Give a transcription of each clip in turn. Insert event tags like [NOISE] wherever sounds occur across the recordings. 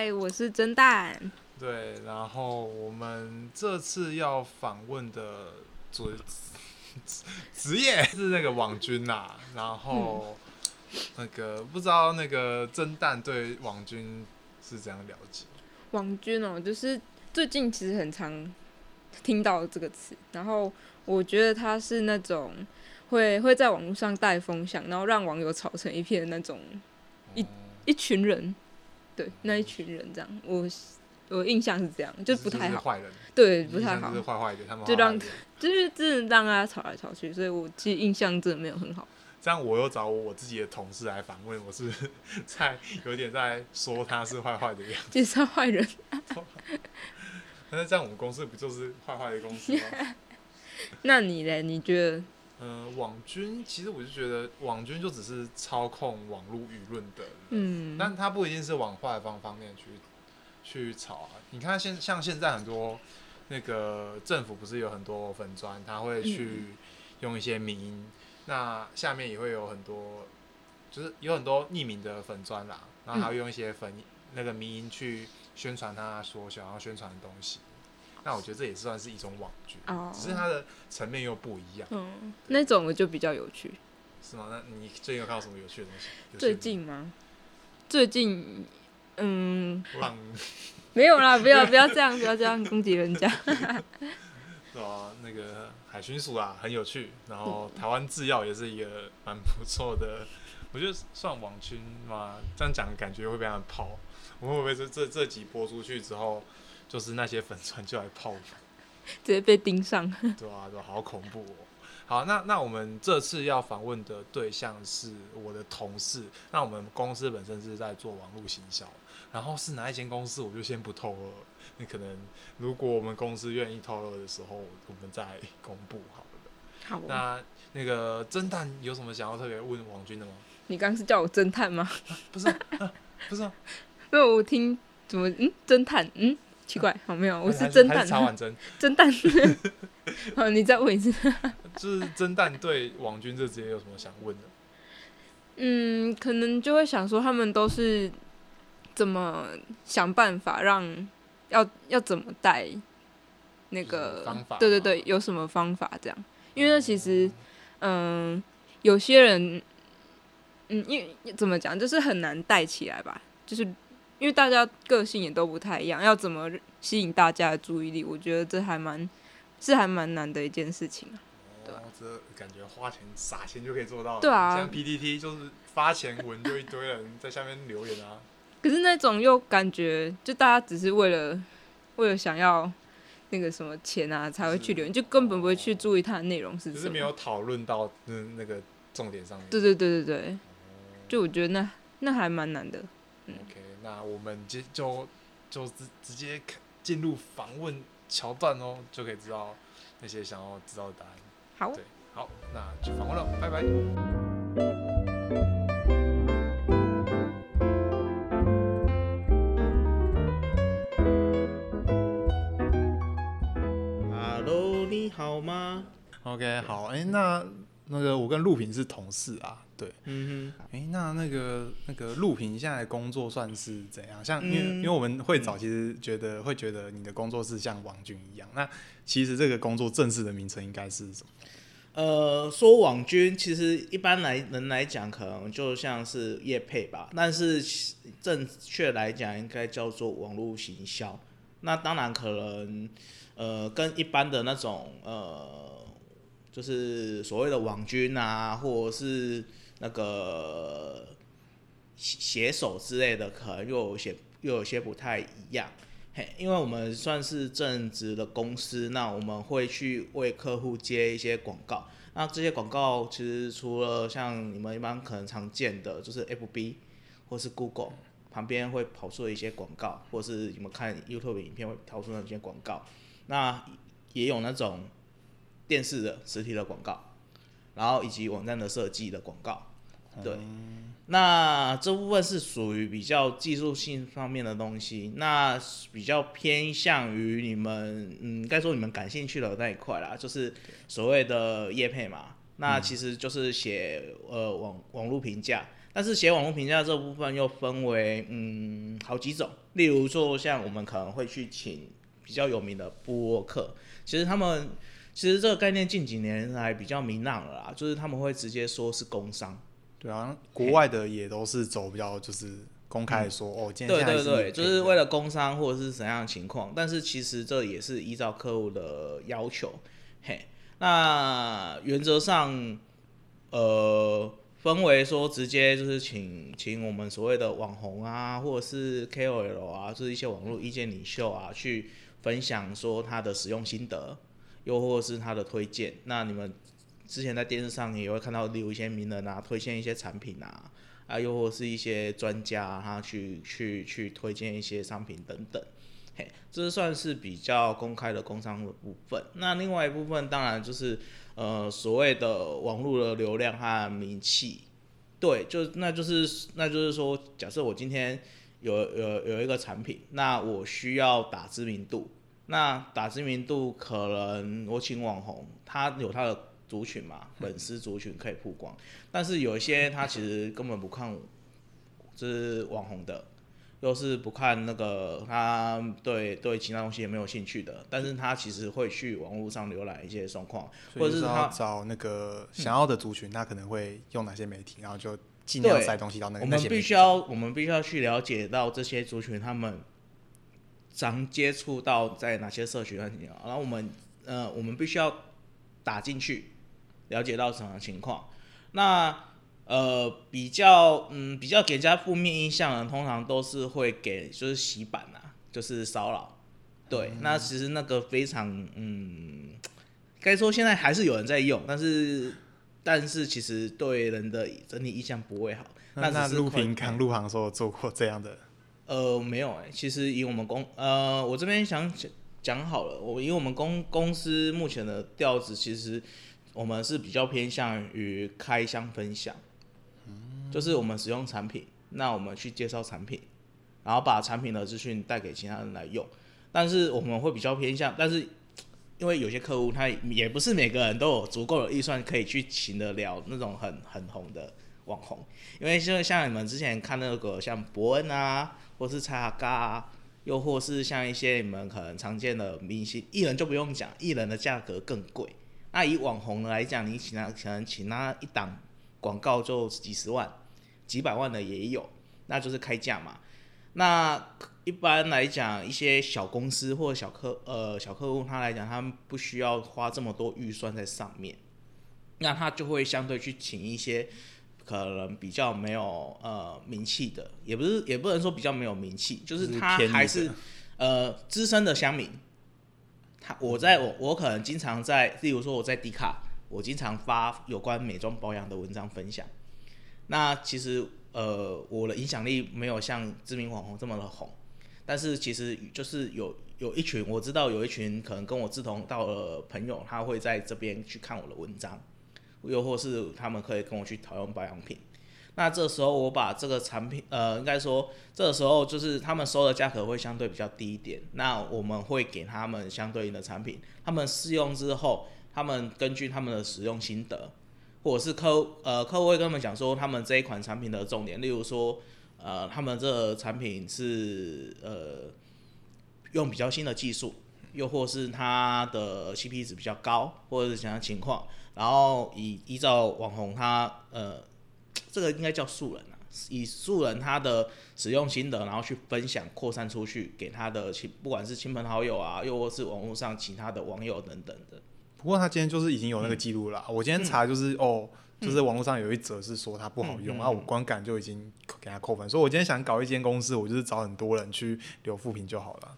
哎，Hi, 我是蒸蛋。對，然後我們這次要訪問的主職職業是那個網軍吶、啊。然後那個不知道那個蒸蛋對網軍是怎樣了解？網軍哦、喔，就是最近其實很常聽到這個詞。然後我覺得他是那種會會在網絡上帶風向，然後讓網友吵成一片那種一、嗯、一群人。對，那一群人這樣，我我印象是這樣，就是、不太好。壞人對，不太好，壞壞的讓他們壞壞的就讓，就是真的讓大家吵來吵去，所以我其實印象真的沒有很好。這樣我又找我自己的同事來訪問，我是在有點在說他是壞壞的樣子，其實算壞人、啊。那在 [LAUGHS] 我們公司不就是壞壞的公司嗎？ [LAUGHS] 那你嘞？你覺得？嗯，網軍其實我就覺得網軍就只是操控網絡輿論的嗯，但他不一定是往壞方方面去去炒啊。你看現像現在很多那個政府不是有很多粉專？他會去用一些名義，嗯嗯那下面也會有很多就是有很多匿名的粉專啦，然後他會用一些粉、嗯、那個名義去宣傳他所想要宣傳的東西。那我覺得這也算是一種網軍，oh. 只是它的層面又不一樣。嗯，對那種的就比較有趣，是嗎？那你最近有看到什麼有趣的東西？最近嗎？最近，嗯，我想 [LAUGHS] 沒有啦，不要不要這樣， [LAUGHS] 不要這樣攻擊人家，是 [LAUGHS] 吧、啊？那個海巡署啊，很有趣。然後台灣製藥也是一個蠻不錯的，嗯、我覺得算網軍嘛。這樣講感覺會被他跑，我會不會是這這集播出去之後？就是那些粉絲就來泡我，直接被盯上。對啊，都、啊、好恐怖哦！好，那那我們這次要訪問的對象是我的同事。那我們公司本身是在做網路行銷，然後是哪一間公司，我就先不透露。那可能如果我們公司願意透露、er、的時候，我們再公布好了。好、哦，那那個偵探有什麼想要特別問網軍的嗎？你剛剛是叫我偵探嗎？不是、啊，不是、啊。那、啊啊、 [LAUGHS] 我聽怎麼嗯偵探嗯。奇怪，好沒有，是我是偵探的。偵探的，完 [LAUGHS] 蒸好，你再問一次， [LAUGHS] 就是偵探對網軍這職業有什麼想問的？嗯，可能就會想說，他們都是怎麼想辦法讓要要怎麼帶那個方法？對對對，有什麼方法這樣？因為那其實，嗯、呃，有些人，嗯，因為怎麼講，就是很難帶起來吧，就是。因為大家個性也都不太一樣，要怎麼吸引大家的注意力？我覺得這還蠻是還蠻難的一件事情啊。對啊哦，這感覺花錢撒錢就可以做到。對啊，像 PTT 就是發錢文就一堆人在下面留言啊。 [LAUGHS] 可是那種又感覺就大家只是為了為了想要那個什麼錢啊才會去留言，就根本不會去注意它的內容是。不、哦就是沒有討論到那那個重點上面。對對對對對，嗯、就我覺得那那還蠻難的。嗯。Okay. 那我們就就就直直接進入訪問橋段喔，就可以知道那些想要知道的答案。好，對，好，那去訪問了，拜拜。Hello，你好嗎？OK，好，欸，那。那個我跟陸平是同事啊，對，嗯哼、欸，那那個那個陸平現在的工作算是怎樣？像因為、嗯、因為我們會早其實覺得、嗯、會覺得你的工作是像網軍一樣。那其實這個工作正式的名稱應該是什麼？呃，說網軍其實一般來人來講，可能就像是業配吧，但是正確來講應該叫做網路行銷。那當然可能呃，跟一般的那種呃。就是所謂的網軍啊，或者是那個寫手之類的，可能又有些又有些不太一樣。嘿，因為我們算是正職的公司，那我們會去為客戶接一些廣告。那這些廣告其實除了像你們一般可能常見的，就是 FB 或是 Google 旁邊會跑出一些廣告，或是你們看 YouTube 影片會跳出那些廣告。那也有那種。電視的實體的廣告，然後以及網站的設計的廣告，對，嗯、那這部分是屬於比較技術性方面的東西。那比較偏向於你們，嗯，該說你們感興趣的那一塊啦，就是所謂的業配嘛。那其實就是寫、嗯、呃網網絡評價，但是寫網絡評價這部分又分為嗯好幾種，例如說像我們可能會去請比較有名的播客，其實他們。其實這個概念近幾年來比較明朗了啦，就是他們會直接說是工商。對啊，國外的也都是走比較就是公開說、嗯、哦，是的對對對，就是為了工商或者是怎樣的情況。但是其實這也是依照客戶的要求。嘿，那原則上呃分為說直接就是請請我們所謂的網紅啊，或者是 KOL 啊，就是一些網絡意見領袖啊，去分享說他的使用心得。又或是他的推薦，那你們之前在電視上也會看到有一些名人啊，推薦一些產品啊，啊又或是一些專家他、啊啊、去去去推薦一些商品等等，嘿，這是算是比較公開的工商的部分。那另外一部分當然就是呃所謂的網絡的流量和名氣，對，就那就是那就是說，假設我今天有有有一個產品，那我需要打知名度。那打知名度可能我請網紅，他有他的族群嘛，粉絲哼族群可以曝光。但是有一些他其實根本不看，就是網紅的，又、就是不看那個，他對對其他東西也沒有興趣的。但是他其實會去網絡上瀏覽一些狀況，或者是他找那個想要的族群，他可能會用哪些媒體，嗯、然後就盡量塞東西到那個、對那些。我們必須要，我們必須要去了解到這些族群他們。常接觸到在哪些社群問題，然後我們呃，我們必須要打進去，了解到什麼情況。那呃，比較嗯，比較給人家負面印象的，通常都是會給就是洗版啊，就是騷擾。對，嗯、那其實那個非常嗯，該說現在還是有人在用，但是但是其實對人的整體印象不會好。那那陸平剛入行的時候做過這樣的。呃，沒有哎、欸，其實以我們公呃，我這邊想講好了，我以我們公公司目前的調子，其實我們是比較偏向於開箱分享，嗯、就是我們使用產品，那我們去介紹產品，然後把產品的資訊帶給其他人來用，但是我們會比較偏向，但是因為有些客戶他也不是每個人都有足夠的預算可以去請得了那種很很紅的網紅，因為就像你們之前看那個像博恩啊。或是蔡阿嘎啊，又或是像一些你們可能常見的明星藝人就不用講，藝人的價格更貴。那以網紅來講，你請他可能請他一檔廣告就幾十萬，幾百萬的也有，那就是開價嘛。那一般來講，一些小公司或小客呃小客戶他來講，他們不需要花這麼多預算在上面，那他就會相對去請一些。可能比較沒有呃名氣的，也不是也不能說比較沒有名氣，就是他還是呃資深的鄉民。他我在，嗯、我我可能經常在，例如說我在迪卡，我經常發有關美妝保養的文章分享。那其實呃我的影響力沒有像知名網紅這麼的紅，但是其實就是有有一群我知道有一群可能跟我志同道合的朋友，他會在這邊去看我的文章。又或是他們可以跟我去討論保養品，那這時候我把這個產品，呃，應該說這時候就是他們收的價格會相對比較低一點。那我們會給他們相對應的產品，他們試用之後，他們根據他們的使用心得，或者是客戶，呃，客戶會跟我們講說他們這一款產品的重點，例如說，呃，他們這個產品是呃用比較新的技術，又或是他的 CP 值比較高，或者是怎樣情況。然後以依照網紅他呃，這個應該叫素人啊，以素人他的使用心得，然後去分享擴散出去給他的親，不管是親朋好友啊，又或是網絡上其他的網友等等的。不過他今天就是已經有那個記錄了、啊，嗯、我今天查就是、嗯、哦，就是網絡上有一則是說他不好用，嗯、然後我觀感就已經給他扣分，嗯、所以我今天想搞一間公司，我就是找很多人去留負評就好了。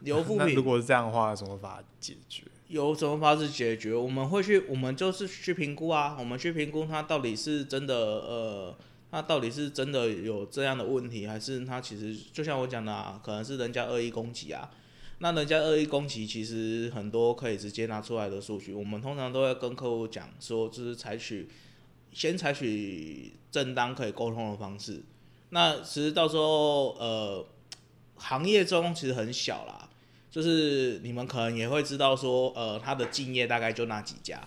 留負評 [LAUGHS] 如果是這樣的話，怎麼把它解決？有什麼方式解決？我們會去，我們就是去評估啊。我們去評估它到底是真的，呃，它到底是真的有這樣的問題，還是它其實就像我講的啊，可能是人家惡意攻擊啊。那人家惡意攻擊，其實很多可以直接拿出來的數據。我們通常都會跟客戶講說，就是採取先採取正當可以溝通的方式。那其實到時候，呃，行業中其實很小啦。就是你們可能也會知道說，呃，他的敬業大概就那幾家，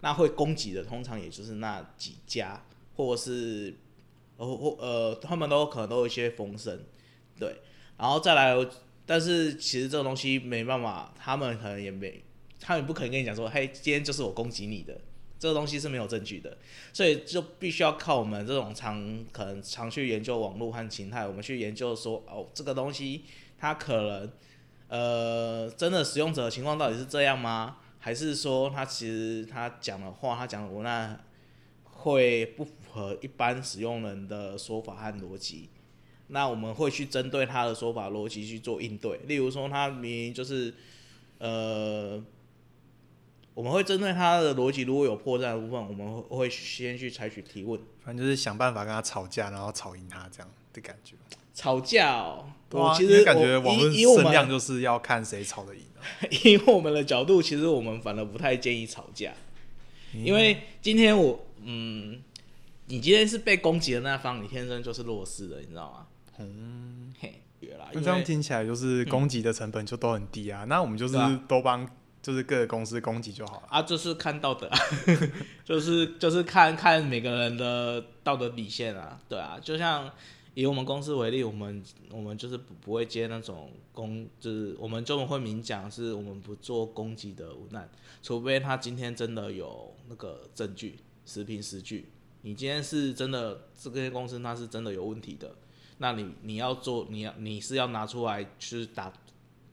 那會攻擊的通常也就是那幾家，或者是呃，他們都可能都有一些風聲，對，然後再來，但是其實這個東西沒辦法，他們可能也沒，他們也不可能跟你講說，嘿，今天就是我攻擊你的，這個東西是沒有證據的，所以就必須要靠我們這種常可能常去研究網絡和形態，我們去研究說，哦，這個東西它可能。呃，真的使用者的情況到底是這樣嗎？還是說他其實他講的話，他講的文案會不符合一般使用人的說法和邏輯？那我們會去針對他的說法、邏輯去做應對。例如說他明明就是呃，我們會針對他的邏輯如果有破綻的部分，我們會先去採取提問，反正就是想辦法跟他吵架，然後吵贏他這樣的感覺。吵架哦。啊、其實我感覺網路聲量就是要看誰吵得贏。啊。因為我們的角度，其實我們反而不太建議吵架，嗯、因為今天我，嗯，你今天是被攻擊的那方，你天生就是弱勢的，你知道嗎？嗯，嘿，原來為這樣聽起來就是攻擊的成本就都很低啊。嗯、那我們就是都幫，就是各個公司攻擊就好了啊，啊。就是看道德、啊 [LAUGHS] 就是，就是就是看看每個人的道德底線啊。對啊，就像。以我們公司為例，我們我們就是不不會接那種攻，就是我們中文會明講，是我們不做攻擊的無奈，除非他今天真的有那個證據，實憑實據。你今天是真的，這些公司那是真的有問題的，那你你要做，你要你是要拿出來去打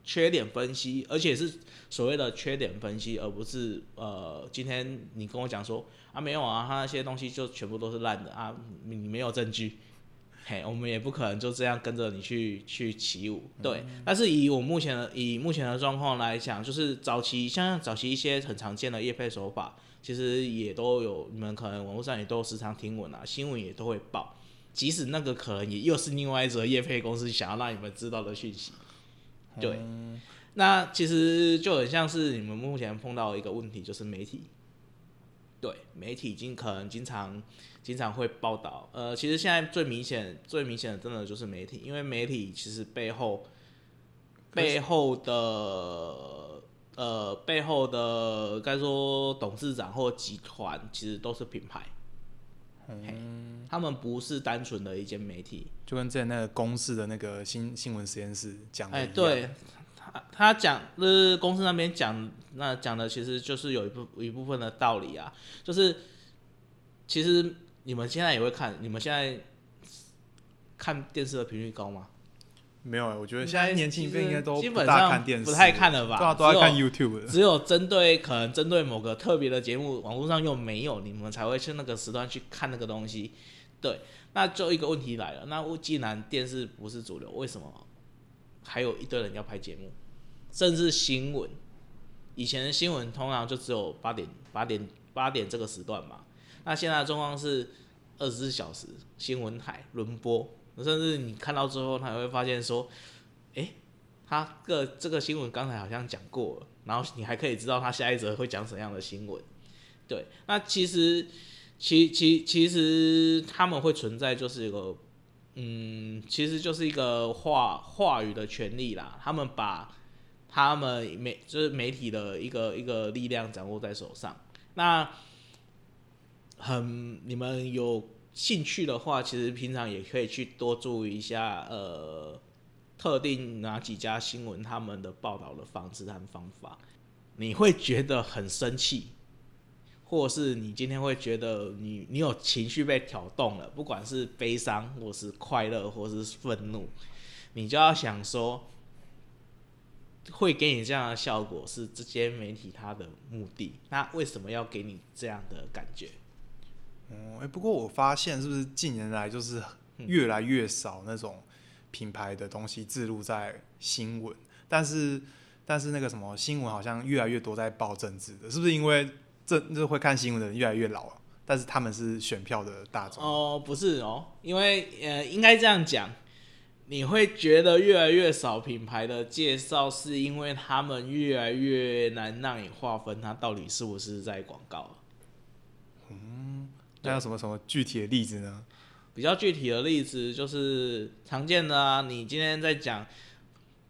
缺點分析，而且是所謂的缺點分析，而不是呃，今天你跟我講說啊沒有啊，他那些東西就全部都是爛的啊，你沒有證據。Hey, 我們也不可能就這樣跟着你去去起舞，對。嗯、但是以我目前的以目前的狀況來講，就是早期像早期一些很常見的業配手法，其實也都有你們可能網絡上也都時常聽聞啊，新聞也都會報。即使那個可能也又是另外一則業配公司想要讓你們知道的訊息，嗯、對。那其實就很像是你們目前碰到的一個問題，就是媒體。對媒體已經可能經常經常會報道，呃，其實現在最明顯最明顯的真的就是媒體，因為媒體其實背後背後的是呃背後的該說董事長或集團其實都是品牌，嗯，他們不是單純的一間媒體，就跟之前那個公司的那個新新聞實驗室講的一樣，哎，對他他講，就是公司那邊講。那講的其實就是有一部一部分的道理啊，就是其實你們現在也會看，你們現在看電視的頻率高嗎？沒有、欸，我覺得現在年輕一輩應該都不大看電視，不太看了吧？都，都在看 YouTube，只有針對可能針對某個特別的節目，網絡上又沒有，你們才會去那個時段去看那個東西。對，那就一個問題來了，那既然電視不是主流，為什麼還有一堆人要拍節目，甚至新聞？以前的新聞通常就只有八點、八點、八點這個時段嘛。那現在的狀況是二十四小時新聞台輪播，甚至你看到之後，他還會發現說：“誒、欸，他、這個這個新聞剛才好像講過了。”然後你還可以知道他下一則會講什麼樣的新聞。對，那其實，其其其實他們會存在就是一個，嗯，其實就是一個話話語的權利啦。他們把。他們媒，就是媒體的一個一個力量掌握在手上。那很，你們有興趣的話，其實平常也可以去多注意一下，呃，特定哪幾家新聞他們的報道的方式和方法，你會覺得很生氣，或是你今天會覺得你你有情緒被挑動了，不管是悲傷或是快樂或是憤怒，你就要想說。會給你這樣的效果是這些媒體它的目的，那為什麼要給你這樣的感覺？哦、嗯，哎、欸，不過我發現是不是近年來就是越來越少那種品牌的東西置入在新聞，但是但是那個什麼新聞好像越來越多在報政治的，是不是因為政這會看新聞的人越來越老了、啊？但是他們是選票的大眾哦，不是哦，因為呃，應該這樣講。你會覺得越來越少品牌的介紹，是因為他們越來越難讓你劃分它，到底是不是在廣告？嗯，那有什麼什麼具體的例子呢？比較具體的例子就是常見的啊，你今天在講，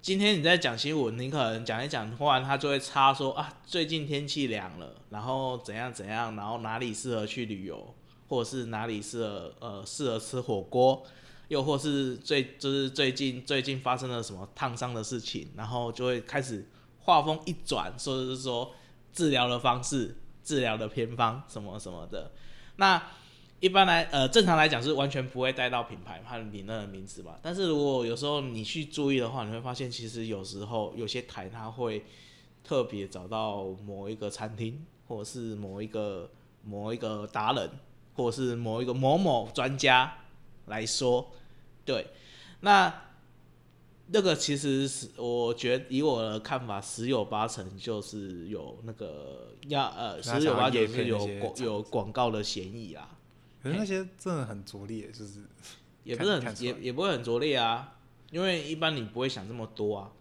今天你在講新聞，你可能講一講話，它他就會插說啊，最近天氣涼了，然後怎樣怎樣，然後哪裡適合去旅遊，或者是哪裡適合呃適合吃火鍋。又或是最就是最近最近發生了什麼燙傷的事情，然後就會開始畫風一轉，或者是說治療的方式、治療的偏方什麼什麼的。那一般來呃正常來講是完全不會帶到品牌它的名，那個名字吧。但是如果有時候你去注意的話，你會發現其實有時候有些台他會特別找到某一個餐廳，或者是某一個某一個達人，或者是某一個某某專家來說。對，那那個其實是我覺得，以我的看法，十有八成就是有那個要呃，要要十有八成是有廣有廣告的嫌疑啊。欸、可是那些真的很拙劣，就是也不是很也也不會很拙劣啊，因為一般你不會想這麼多啊。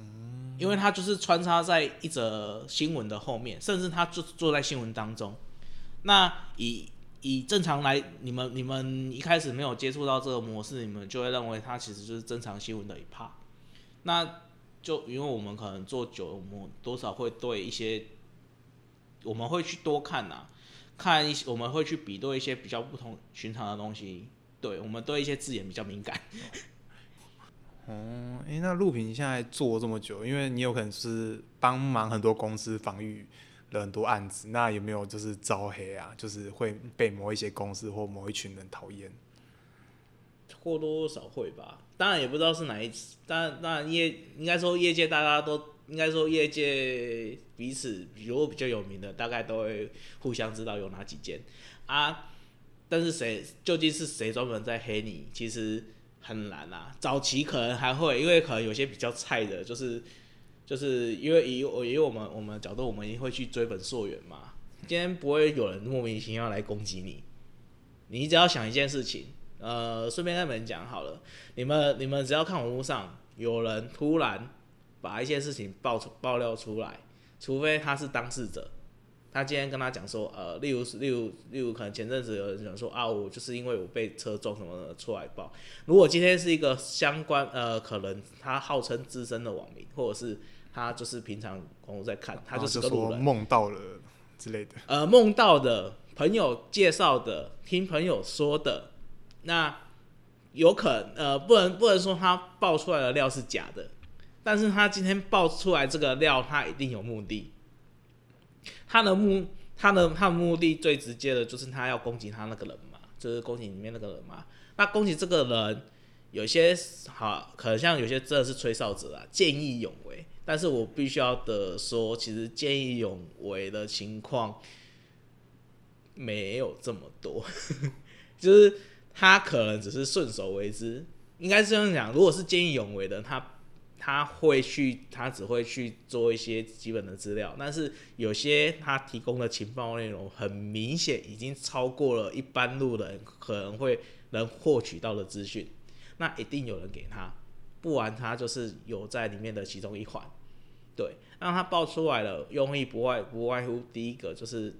嗯、因為他就是穿插在一則新聞的後面，甚至他坐坐在新聞當中。那以以正常來，你們你們一開始沒有接觸到這個模式，你們就會認為它其實就是正常新聞的一 part。那就因為我們可能做久了，我們多少會對一些，我們會去多看吶、啊，看一些，我們會去比對一些比較不同尋常的東西。對，我們對一些字眼比較敏感。哦、 [LAUGHS] 嗯，哎、欸，那陸平現在做這麼久，因為你有可能是幫忙很多公司防禦。很多案子，那有沒有就是招黑啊？就是會被某一些公司或某一群人討厭，或多或少會吧。當然也不知道是哪一次，但那業應該說業界大家都應該說業界彼此，比如比較有名的，大概都會互相知道有哪幾件啊。但是誰究竟是誰專門在黑你，其實很難啊。早期可能還會，因為可能有些比較菜的，就是。就是因為以我以我們我們的角度，我們會去追本溯源嘛。今天不會有人莫名其妙來攻擊你。你只要想一件事情，呃，順便跟你們講好了，你們你們只要看網絡上有人突然把一些事情爆出爆料出來，除非他是當事者，他今天跟他講說，呃，例如例如例如，例如可能前陣子有人講說啊，我就是因為我被車撞什麼的出來爆。如果今天是一個相關，呃，可能他號稱資深的網民，或者是。他就是平常光在看，他就是、啊、就說夢到了之類的。呃，夢到的，朋友介紹的，聽朋友說的。那有可呃，不能不能說他爆出來的料是假的，但是他今天爆出來這個料，他一定有目的。他的目，他的、嗯、他的目的最直接的就是他要攻擊他那個人嘛，就是攻擊裡面那個人嘛。那攻擊這個人，有些好，可能像有些真的是吹哨子啊，見義勇為。但是我必須要的說，其實見義勇為的情況沒有這麼多， [LAUGHS] 就是他可能只是順手為之，應該是這樣講。如果是見義勇為的，他他會去，他只會去做一些基本的資料。但是有些他提供的情報內容很明顯已經超過了一般路人可能會能獲取到的資訊，那一定有人給他，不然他就是有在裡面的其中一環。對，那他爆出來了，用意不外不外乎，第一個就是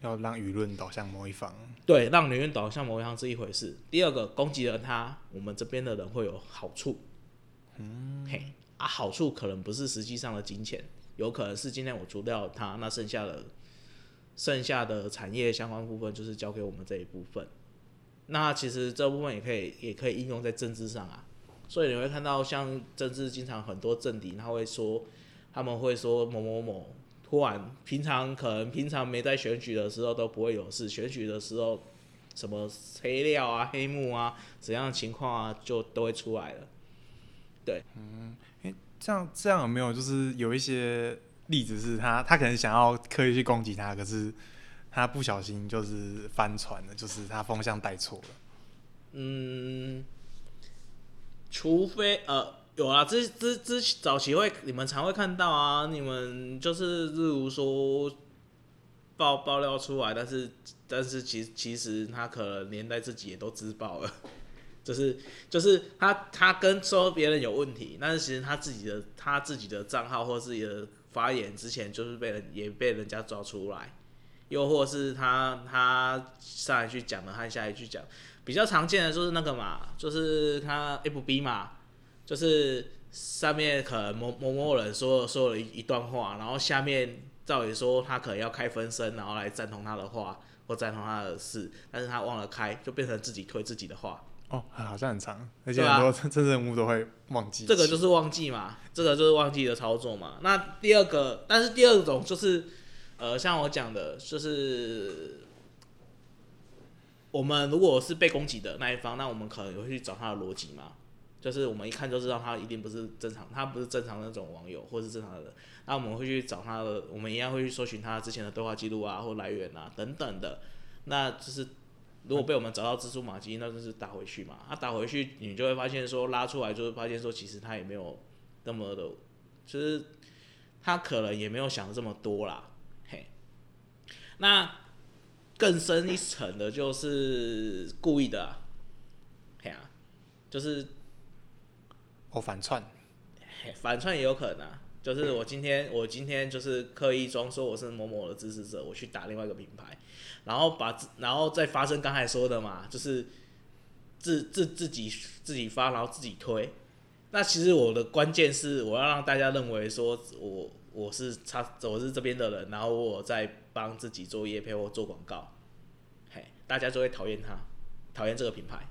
要讓輿論導向某一方，對，讓輿論導向某一方是一回事。第二個攻擊了他，我們這邊的人會有好處。嗯，嘿啊，好處可能不是實際上的金錢，有可能是今天我除掉他，那剩下的剩下的產業相關部分就是交給我們這一部分。那其實這部分也可以也可以應用在政治上啊。所以你會看到像政治經常很多政敵他會說。他們會說某某某突然，平常可能平常沒在選舉的時候都不會有事，選舉的時候什麼黑料啊、黑幕啊、怎樣的情況啊，就都會出來了對、嗯。對，嗯，哎，這樣這樣有沒有就是有一些例子是他他可能想要刻意去攻擊他，可是他不小心就是翻船了，就是他風向帶錯了。嗯，除非呃。有啊，這這這早期會你們常會看到啊，你們就是例如說爆爆料出來，但是但是其其實他可能連帶自己也都自爆了，就是就是他他跟說別人有問題，但是其實他自己的他自己的賬號或自己的發言之前就是被人也被人家抓出來，又或者是他他上一句講的，他下一句講，比較常見的就是那個嘛，就是他 FB 嘛。就是上面可能某某某人說了說了一段話，然後下面照理說他可能要開分身，然後來贊同他的話或贊同他的事，但是他忘了開，就變成自己推自己的話。哦，好像很長，而且很多真正任務都會忘記。這個就是忘記嘛，這個就是忘記的操作嘛。那第二個，但是第二種就是，呃，像我講的，就是我們如果是被攻擊的那一方，那我們可能會去找他的邏輯嘛。就是我們一看就知道他一定不是正常，他不是正常那種網友或是正常的人，那我們會去找他的，我們一樣會去搜尋他之前的對話記錄啊或來源啊等等的。那就是如果被我們找到蛛絲馬跡，那就是打回去嘛。他、啊、打回去，你就會發現說拉出來就會發現說其實他也沒有那麼的，就是他可能也沒有想這麼多啦。嘿，那更深一層的就是故意的、啊，嘿啊，就是。我、哦、反串，反串也有可能啊。就是我今天，我今天就是刻意裝說我是某某的支持者，我去打另外一個品牌，然後把，然後再發生剛才說的嘛，就是自自自己自己發，然後自己推。那其實我的關鍵是，我要讓大家認為說我，我我是他，我是這邊的人，然後我在幫自己做業配或做廣告。嘿，大家就會討厭他，討厭這個品牌。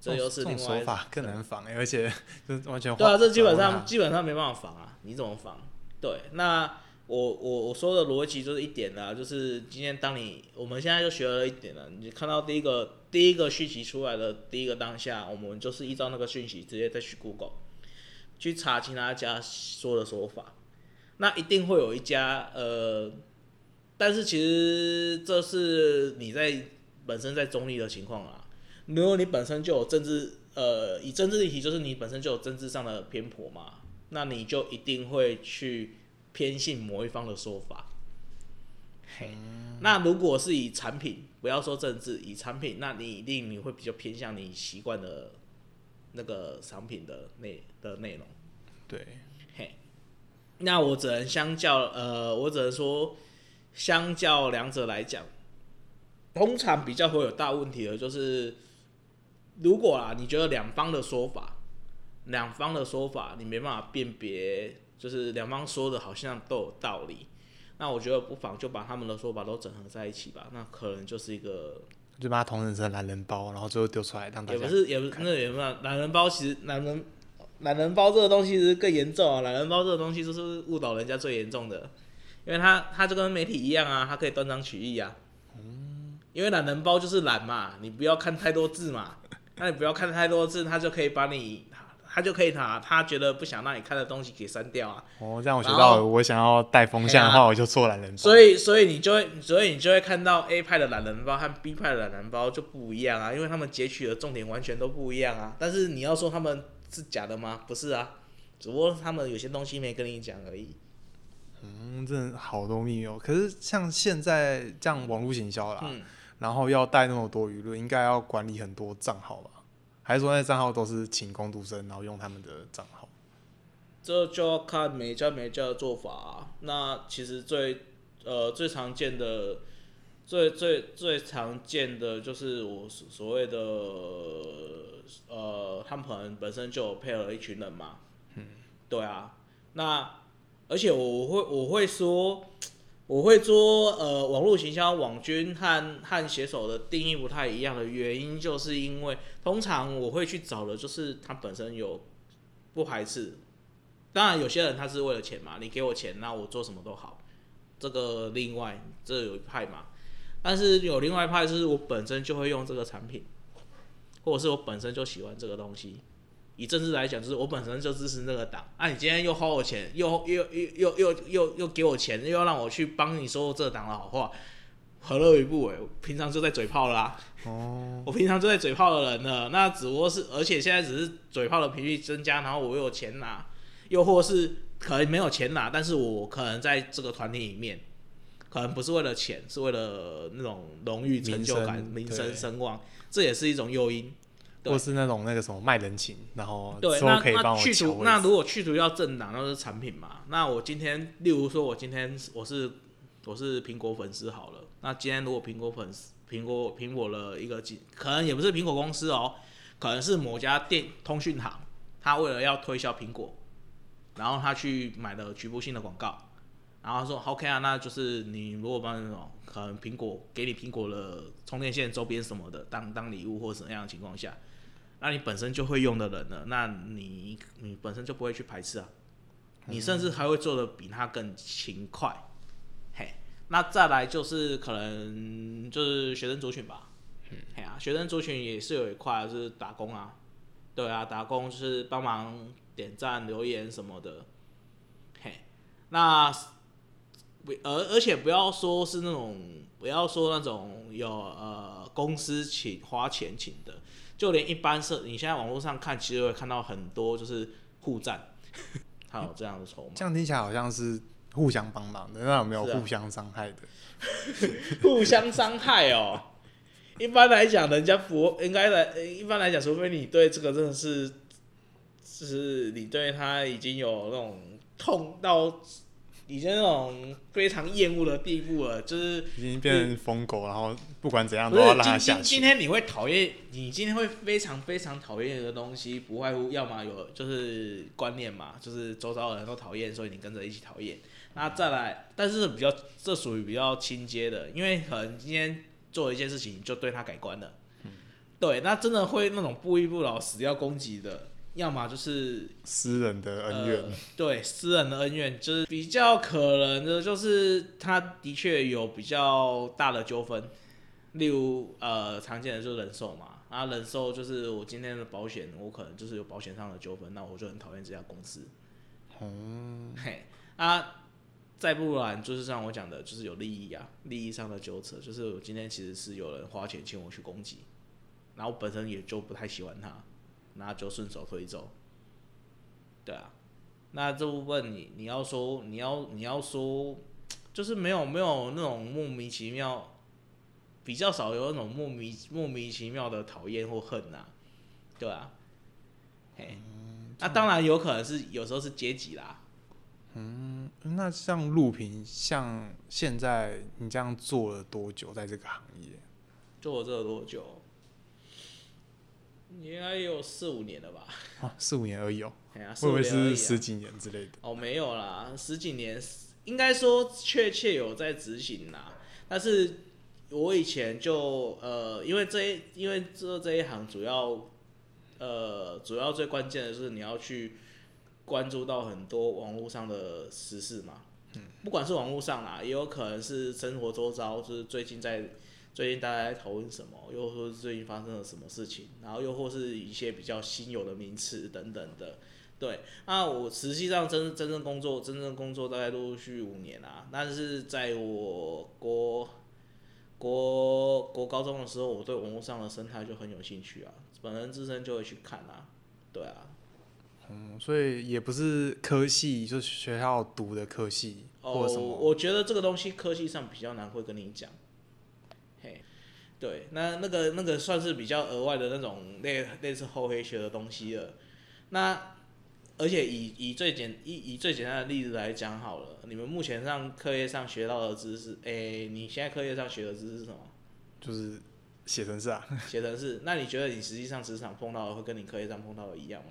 這又是另外種說法，更難防、欸、而且完全對啊，這基本上難基本上沒辦法防啊！你怎麼防？對，那我我我說的邏輯就是一點了，就是今天當你我們現在就學了一點了，你看到第一個第一個訊息出來的第一個當下，我們就是依照那個訊息直接再去 Google 去查其他家說的說法，那一定會有一家呃，但是其實這是你在本身在中立的情況啊。如果你本身就有政治，呃，以政治議題就是你本身就有政治上的偏頗嘛，那你就一定會去偏信某一方的說法。嗯、嘿，那如果是以產品，不要說政治，以產品，那你一定你會比較偏向你習慣的那個商品的內的內容。對，嘿，那我只能相較，呃，我只能說相較兩者來講，通常比較會有大問題的，就是。如果啊，你覺得兩方的說法，兩方的說法你沒辦法辨別，就是兩方說的好像都有道理，那我覺得不妨就把他們的說法都整合在一起吧。那可能就是一個，就把它統整成懶人包，然後最後丟出來讓大家看。也。也不是，也不是，那也不是懶人包。其實懶人懶人包這個東西是更嚴重啊，懶人包這個東西就是誤導人家最嚴重的，因為他他就跟媒體一樣啊，他可以斷章取義啊。嗯，因為懶人包就是懶嘛，你不要看太多字嘛。那你不要看太多字，他就可以把你，他就可以拿他覺得不想讓你看的東西給刪掉啊。哦，這樣我學到了，然後我想要帶風向的話，啊、我就做懶人包。所以，所以你就會，所以你就會看到 A 派的懶人包和 B 派的懶人包就不一樣啊，因為他們截取的重點完全都不一樣啊。但是你要說他們是假的嗎？不是啊，只不過他們有些東西沒跟你講而已。嗯，真的好多秘密、喔。可是像現在這樣網絡行銷啦。嗯。然後要帶那麼多輿論，應該要管理很多賬號吧？還是說那些賬號都是請工讀生，然後用他們的賬號？這就要看每一家，每一家的做法啊。那其實最呃最常見的，最最最常見的就是我所謂的呃，他們本身就有配合一群人嘛。嗯，對啊。那而且我會我會說。我會說，呃，網絡行銷網軍和和寫手的定義不太一樣的原因，就是因為通常我會去找的就是他本身有不排斥。當然，有些人他是為了錢嘛，你給我錢，那我做什麼都好。這個另外這個有一派嘛，但是有另外一派是我本身就會用這個產品，或者是我本身就喜歡這個東西。以政治來講，就是我本身就支持那個黨，啊，你今天又花我錢，又又又又又又又給我錢，又要讓我去幫你說這黨的好話，何樂而不為？我平常就在嘴炮啦、啊。哦， [LAUGHS] 我平常就在嘴炮的人呢，那只不過是，而且現在只是嘴炮的頻率增加，然後我又有錢拿，又或是可能沒有錢拿，但是我可能在這個團體裡面，可能不是為了錢，是為了那種榮譽、成就感、名聲、名聲、聲望，這也是一種誘因。對或是那種那個什麼賣人情，然後說可以幫我去除。那如果去除掉政黨，那是產品嘛？那我今天，例如說，我今天我是我是蘋果粉絲好了。那今天如果蘋果粉絲，蘋果蘋果的一個幾，可能也不是蘋果公司哦，可能是某家電通訊行，他為了要推銷蘋果，然後他去買了局部性的廣告，然後他說 OK 啊，好 care, 那就是你如果幫那種可能蘋果給你蘋果的充電線周邊什麼的當當禮物或什麼樣的情況下。那你本身就會用的人呢？那你你本身就不會去排斥啊，你甚至還會做的比他更勤快，嗯、嘿。那再來就是可能就是學生族群吧，嗯、嘿啊，學生族群也是有一塊、就是打工啊，對啊，打工就是幫忙點讚、留言什麼的，嘿。那而而且不要說是那種不要說那種有呃公司請花錢請的。就連一般社，你現在網絡上看，其實會看到很多就是互讚，還有這樣的籌碼。這樣聽起來好像是互相幫忙的。那有沒有互相傷害的？是啊、 [LAUGHS] 互相傷害哦。 [LAUGHS] 一般來講，人家不應該來。一般來講，除非你對這個真的是，就是你對他已經有那種痛到。已經那種非常厭惡的地步了，就是已經變成瘋狗，嗯、然後不管怎樣都要拉他下。今今，今天你會討厭，你今天會非常非常討厭一個東西，不外乎要麼有就是觀念嘛，就是周遭的人都討厭，所以你跟着一起討厭。嗯、那再來，但是比較這屬於比較親接的，因為可能今天做一件事情就對他改觀了。嗯、對，那真的會那種不依不饒、死要攻擊的。要麼就是私人的恩怨，呃、對私人的恩怨，就是比較可能的，就是他的確有比較大的糾紛，例如呃，常見的就是人壽嘛，啊，人壽就是我今天的保險，我可能就是有保險上的糾紛，那我就很討厭這家公司。哦、嗯，嘿，啊，再不然就是像我講的，就是有利益啊，利益上的糾扯，就是我今天其實是有人花錢請我去攻擊，然後我本身也就不太喜歡他。那就順手推走，對啊，那就問你你要說你要你要說，就是沒有沒有那種莫名其妙，比較少有那種莫名莫名其妙的討厭或恨啊，對啊，嘿，那當然有可能是有時候是階級啦，嗯，那像陸平，像現在你這樣做了多久在這個行業？做了這個多久？應該也有四五年了吧、啊？四五年而已哦。哎、啊啊、會不會是十幾年之類的？哦，沒有啦，十幾年，應該說確切有在執行啦。但是我以前就呃，因為這一因為做這,這一行，主要呃，主要最關鍵的是你要去關注到很多網絡上的時事嘛，嗯、不管是網絡上啦，也有可能是生活周遭，就是最近在。最近大家在討論什麼？又或是最近發生了什麼事情？然後又或是一些比較新有的名詞等等的。對，那我實際上真真正工作，真正工作大概陸陸續續五年啦、啊。但是在我國國國高中的時候，我對網絡上的生態就很有興趣啊。本人自身就會去看啊。對啊。嗯，所以也不是科系，就是學校讀的科系。什麼？哦，我覺得這個東西科系上比較難，會跟你講。對，那那個那個算是比較額外的那種類類似厚黑學的東西了。那而且以以最簡以以最簡單的例子來講好了，你們目前上課業上學到的知識，誒，你現在課業上學的知識是什麼？就是寫程式啊，寫程式。那你覺得你實際上職場碰到的會跟你課業上碰到的一樣嗎？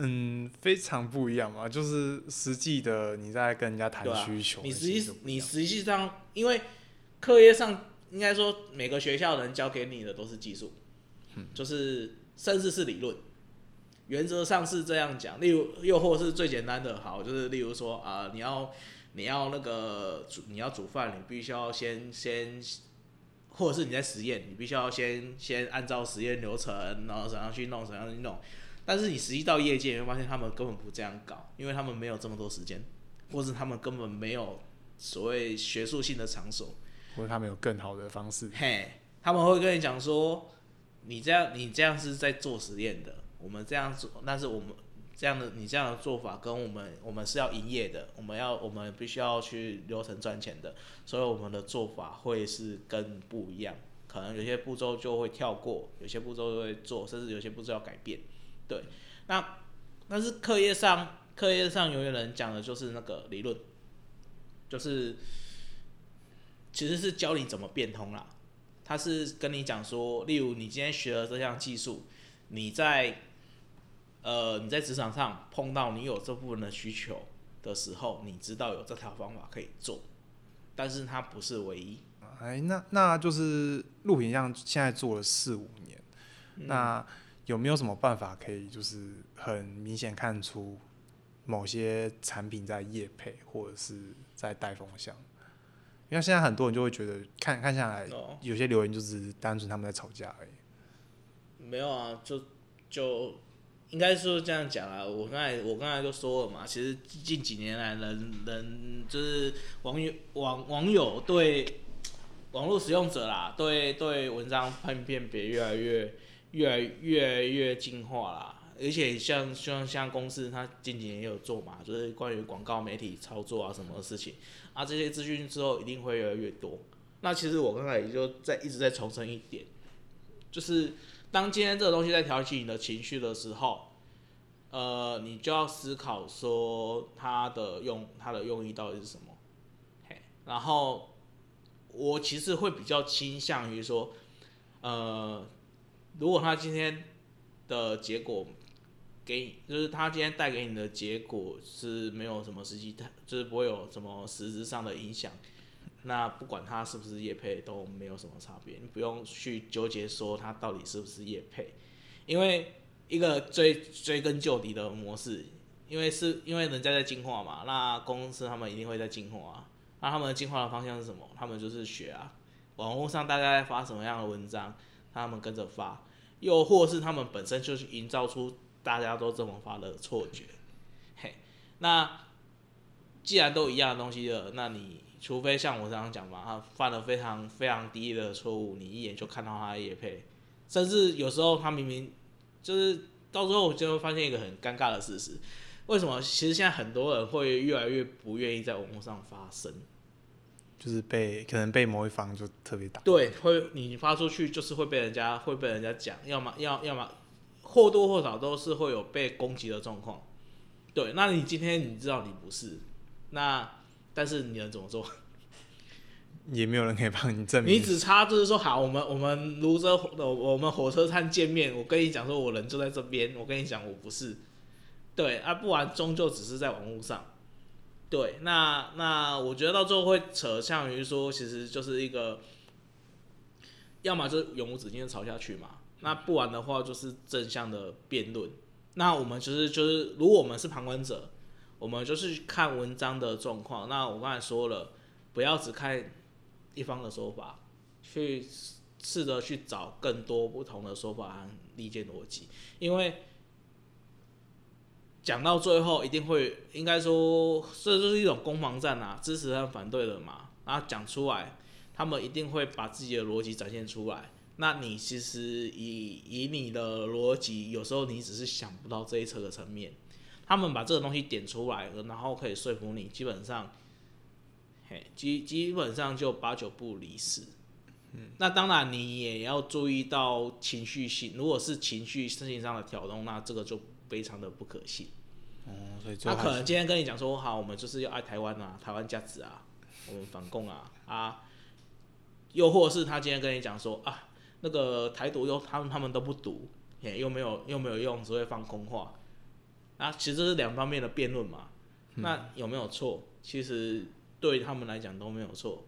嗯，非常不一樣嘛，就是實際的你在跟人家談需求，啊，你實際實你實際上因為課業上。應該說，每個學校能教給你的都是技術，就是甚至是理論，原則上是這樣講。例如，又或是最簡單的，好，就是例如說啊，你要你要那個煮，你要煮飯，你必須要先先，或者是你在實驗，你必須要先先按照實驗流程，然後怎樣去弄，怎樣去弄。但是你實際到業界，你會發現他們根本不這樣搞，因為他們沒有這麼多時間，或是他們根本沒有所謂學術性的場所。或者他們有更好的方式，嘿，hey, 他們會跟你講說，你這樣你這樣是在做實驗的，我們這樣做，但是我們這樣的你這樣的做法跟我們我們是要營業的，我們要我們必須要去流程賺錢的，所以我們的做法會是跟不一樣，可能有些步驟就會跳過，有些步驟會做，甚至有些步驟要改變。對，那但是課業上課業上有些人講的就是那個理論，就是。其實是教你怎麼變通啦，他是跟你講說，例如你今天學了這項技術，你在，呃，你在職場上碰到你有這部分的需求的時候，你知道有這條方法可以做，但是它不是唯一。哎，那那就是錄屏像現在做了四五年，嗯、那有沒有什麼辦法可以就是很明顯看出某些產品在業配或者是在帶風向？因為現在很多人就會覺得看，看看下來，有些留言就是單純他們在吵架而已。哦，沒有啊，就就應該是這樣講啦。我剛才我剛才都說了嘛，其實近幾年來人，人人就是網友網網友對網絡使用者啦，對對文章判辨別越來越越來越越進化啦。而且像像像公司，他近幾年也有做嘛，就是關於廣告媒體操作啊什麼的事情，啊這些資訊之後一定會越來越多。那其實我剛才也就在一直在重申一點，就是當今天這個東西在挑起你的情緒的時候，呃，你就要思考說它的用它的用意到底是什麼。嘿，然後我其實會比較傾向於說，呃，如果他今天的結果。給你就是他今天帶給你的結果是沒有什麼實際，他就是不會有什麼實質上的影響。那不管他是不是業配都沒有什麼差別，你不用去糾結說他到底是不是業配，因為一個追追根究底的模式，因為是因為人家在進化嘛，那公司他們一定會在進化啊。那他們進化的方向是什麼？他們就是學啊，網絡上大家在發什麼樣的文章，他們跟着發，又或是他們本身就是營造出。大家都這麼發的錯覺，嘿，那既然都一樣的東西了，那你除非像我這樣講嘛，他犯了非常非常低的錯誤，你一眼就看到他的業配，甚至有時候他明明就是到最後，我就會發現一個很尷尬的事實：為什麼其實現在很多人會越來越不願意在網絡上發聲？就是被可能被某一方就特別打，對，會你發出去就是會被人家會被人家講，要麼要要麼。或多或少都是會有被攻擊的狀況，對。那你今天你知道你不是，那但是你能怎麼做？也沒有人可以幫你證明。你只差就是說，好，我們我們瀘州，我我們火車站見面，我跟你講說，我人就在這邊，我跟你講我不是。對啊，不然終究只是在網路上。對，那那我覺得到最後會扯，向於說，其實就是一個，要麼就是永無止境的吵下去嘛。那不然的話，就是正向的辯論。那我們就是就是，如果我們是旁觀者，我們就是看文章的狀況。那我剛才說了，不要只看一方的說法，去試着去找更多不同的說法和理解邏輯。因為講到最後，一定會應該說，這就是一種攻防戰啊，支持和反對的嘛。然後講出來，他們一定會把自己的邏輯展現出來。那你其實以以你的邏輯，有時候你只是想不到這一層的層面。他們把這個東西點出來了，然後可以說服你，基本上，嘿，基基本上就八九不離十。嗯，那當然你也要注意到情緒性，如果是情緒性上的挑動，那這個就非常的不可信。嗯、他可能今天跟你講說，嗯、好，我們就是要愛台灣啊，台灣價值啊，我們反共啊啊，又或是他今天跟你講說啊。那個台獨又他們他們都不獨，也、欸、又沒有又沒有用，只會放空話。啊，其實這是兩方面的辯論嘛。那有沒有錯？其實對他們來講都沒有錯。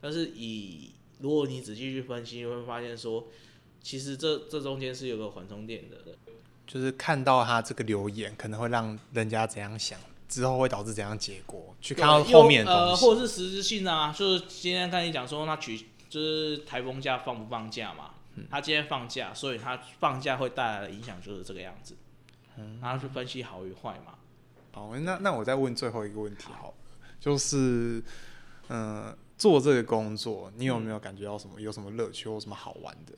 但是以如果你仔細去分析，你會發現說，其實這這中間是有個緩衝點的。就是看到他這個留言，可能會讓人家怎樣想，之後會導致怎樣結果？去看到後面的、啊、呃，或者是實質性的啊，就是今天跟你講說，那舉就是台風假放不放假嘛？他今天放假，所以他放假會帶來的影響就是這個樣子，然後去分析好與壞嘛。好，那那我再問最後一個問題好，好就是，嗯、呃，做這個工作，你有沒有感覺到什麼？有什麼樂趣或什麼好玩的？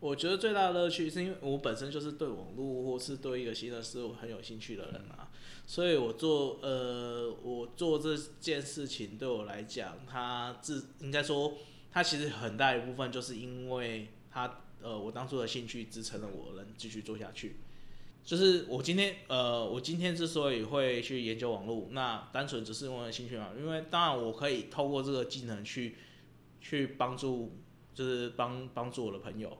我覺得最大的樂趣是因為我本身就是對網路或是對一個新的事物很有興趣的人啊。所以我做呃，我做這件事情對我來講，他自應該說，他其實很大一部分就是因為。他呃，我當初的興趣支撐了我能繼續做下去。就是我今天呃，我今天之所以會去研究網絡，那單純只是因為興趣嘛。因為當然我可以透過這個技能去去幫助，就是幫幫助我的朋友，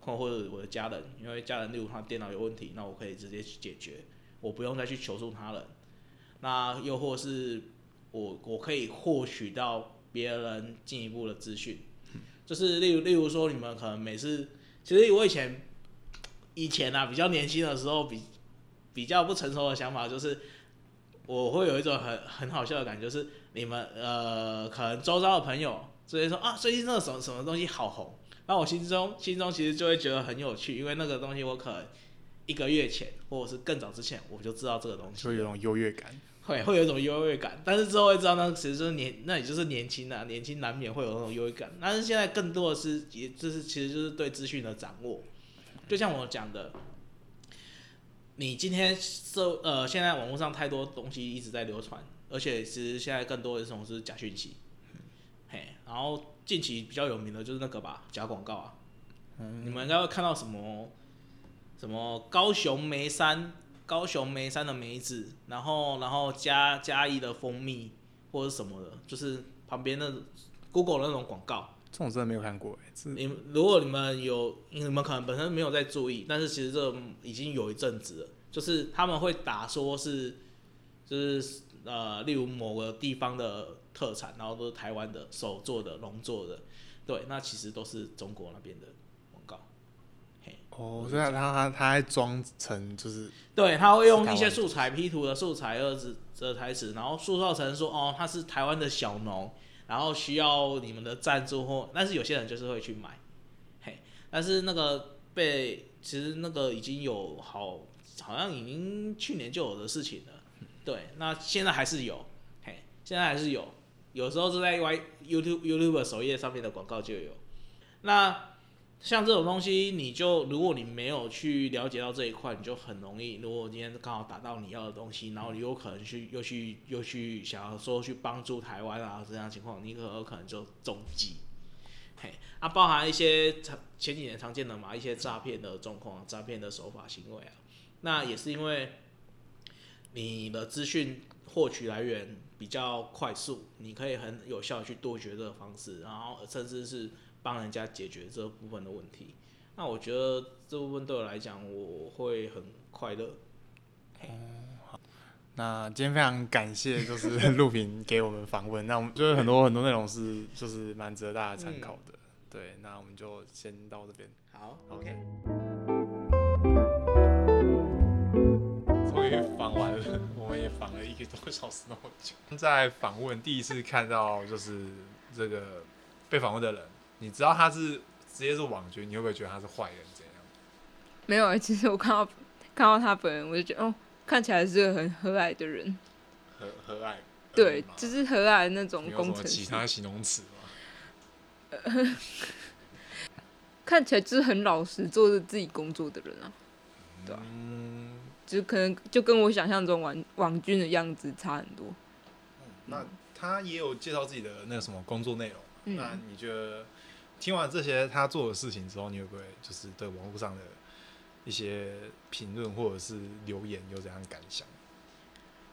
或或者我的家人。因為家人例如他電腦有問題，那我可以直接去解決，我不用再去求助他人。那又或是我我可以獲取到別人進一步的資訊。就是，例如，例如說，你們可能每次，其實我以前，以前啊，比較年輕的時候，比比較不成熟的想法就是，我會有一種很很好笑的感覺，就是你們呃，可能周遭的朋友就會說啊，最近那個什麼什麼東西好紅，那我心中心中其實就會覺得很有趣，因為那個東西我可能一個月前，或者是更早之前，我就知道這個東西，就有種優越感。會會有一種優越感，但是之後會知道呢，其實就是年那也就是年輕啊，年輕難免會有那種優越感。但是現在更多的是，也就是其實就是對資訊的掌握，就像我講的，你今天社呃，現在網絡上太多東西一直在流傳，而且其實現在更多的是從是假訊息，嗯、嘿，然後近期比較有名的就是那個吧，假廣告啊，嗯嗯你們應該會看到什麼什麼高雄眉山。高雄梅山的梅子，然後然後嘉嘉義的蜂蜜或者什麼的，就是旁邊那 Google 的那種廣告，這種真的沒有看過哎、欸，是你們如果你們有，你們可能本身沒有在注意，但是其實這已經有一陣子了，就是他們會打說是，就是呃例如某個地方的特產，然後都是台灣的手做的、農作的，的，對，那其實都是中國那邊的。哦，所以他他他還裝成就是，對，他會用一些素材、就是、P 圖的素材，或者的台詞，然後塑造成說哦，他是台灣的小農，然後需要你們的贊助或，但是有些人就是會去買，嘿，但是那個被其實那個已經有好，好像已經去年就有的事情了，對，那現在還是有，嘿，現在還是有，有時候就在 Y you YouTube YouTube 首頁上面的廣告就有，那。像這種東西，你就如果你沒有去了解到這一塊，你就很容易。如果今天剛好打到你要的東西，然後你有可能去又去又去想要說去幫助台灣啊這樣的情況，你可有可能就中計。嘿，那、啊、包含一些前幾年常見的嘛，一些詐騙的狀況、詐騙的手法行為啊，那也是因為你的資訊獲取來源比較快速，你可以很有效地去杜絕這個方式，然後甚至是。幫人家解決這部分的問題，那我覺得這部分對我來講，我會很快樂。嗯、那今天非常感謝，就是錄屏給我們訪問， [LAUGHS] 那我們就是很多很多內容是，就是蠻值得大家參考的。嗯、對，那我們就先到這邊。好，OK。終於訪完了，我們也訪了一個多小時那麼久。 [LAUGHS] 在訪問第一次看到，就是這個被訪問的人。你知道他是直接是網軍，你會不會覺得他是壞人？怎樣？沒有啊、欸，其實我看到看到他本人，我就覺得哦，看起來是個很和藹的人，和和藹，呃、對，就是和藹的那種工程師，其他形容詞嗎、呃呵呵？看起來就是很老實，做着自己工作的人啊，對吧、啊？嗯，就可能就跟我想象中網網軍的樣子差很多。嗯、那他也有介紹自己的那個什麼工作內容，嗯、那你覺得？聽完這些他做的事情之後，你有沒有就是對網絡上的一些評論或者是留言有怎樣的感想？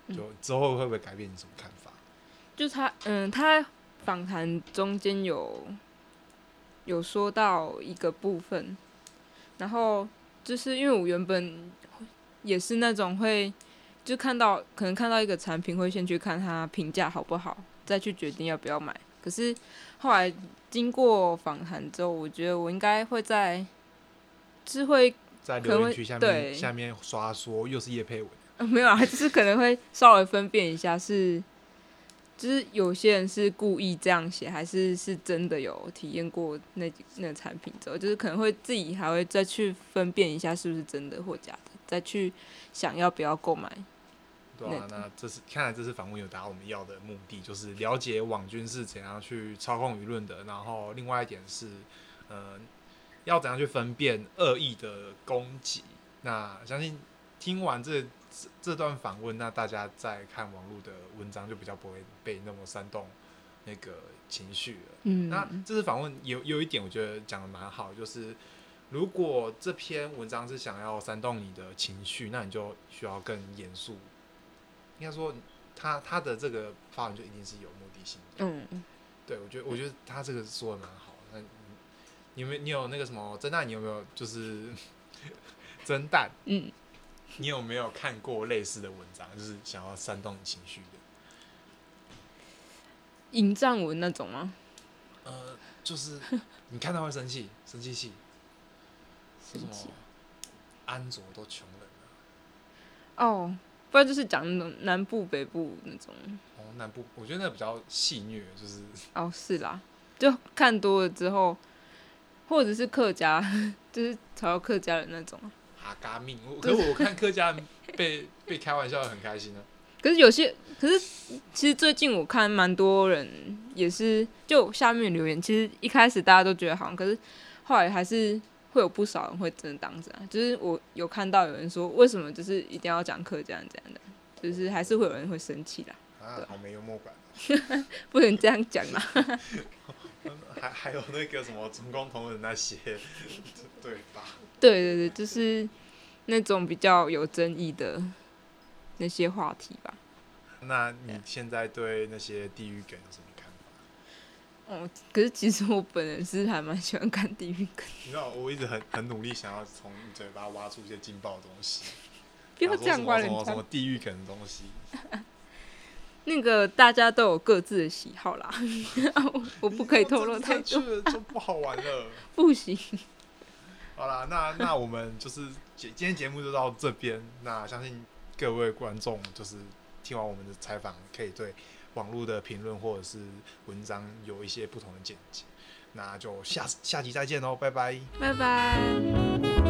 就之後會不會改變你什麼看法？嗯、就他嗯，他訪談中間有有說到一個部分，然後就是因為我原本也是那種會就看到可能看到一個產品會先去看他評價好不好，再去決定要不要買。可是。後來經過訪談之後，我覺得我應該會在，是會，可能會在留言區下面對下面刷說又是業配文，呃，沒有啊，就是可能會稍微分辨一下是， [LAUGHS] 就是有些人是故意這樣寫，還是是真的有體驗過那那個、產品之後，就是可能會自己還會再去分辨一下是不是真的或假的，再去想要不要購買。對啊，那這是看來這次訪問，有達到我們要的目的，就是了解網軍是怎樣去操控輿論的。然後另外一點是，嗯、呃，要怎樣去分辨惡意的攻擊？那相信聽完這這這段訪問，那大家在看網絡的文章就比較不會被那麼煽動那個情緒了。嗯，那這次訪問有有一點我覺得講得蠻好，就是如果這篇文章是想要煽動你的情緒，那你就需要更嚴肅。應該說他，他他的這個發文就一定是有目的性的。嗯對，我覺得我覺得他這個說的蠻好的。那你，你有沒有你有那個什麼真蛋？你有沒有就是真蛋？嗯，你有沒有看過類似的文章？就是想要煽動情緒、引戰文那種嗎？呃，就是你看他會生氣， [LAUGHS] 生氣氣，什麼安卓都窮人了、啊。哦。不然就是講那種南部、北部那種。哦，南部我覺得那比較戲謔，就是哦是啦，就看多了之後，或者是客家，呵呵就是嘲笑客家人那種啊嘎命。對可是我看客家人被 [LAUGHS] 被開玩笑很開心的，啊，可是有些，可是其實最近我看蠻多人也是，就下面留言，其實一開始大家都覺得好，可是後來還是。會有不少人會真的當真，啊，就是我有看到有人說，為什麼就是一定要講課這樣這樣的，就是還是會有人會生氣啦。啊，對好沒幽默感。 [LAUGHS] 不能這樣講嘛。還 [LAUGHS] 還有那個什麼“總光同的那些，對吧？對對對，就是那種比較有爭議的那些話題吧。那你現在對那些地獄梗可是，其實我本人是還蠻喜歡看地獄梗。你知道，我一直很很努力，想要從嘴巴挖出一些勁爆的東西。 [LAUGHS] 不要這樣挖，你髒！什麼地獄梗的東西？ [LAUGHS] 那個大家都有各自的喜好啦。 [LAUGHS] 我，我不可以透露，太多，這了，就不好玩了。 [LAUGHS] 不行。好啦，那那我們就是今今天節目就到這邊。那相信各位觀眾就是聽完我們的採訪，可以對。網絡的評論或者是文章有一些不同的見解，那就下下期再見嘍，拜拜，拜拜。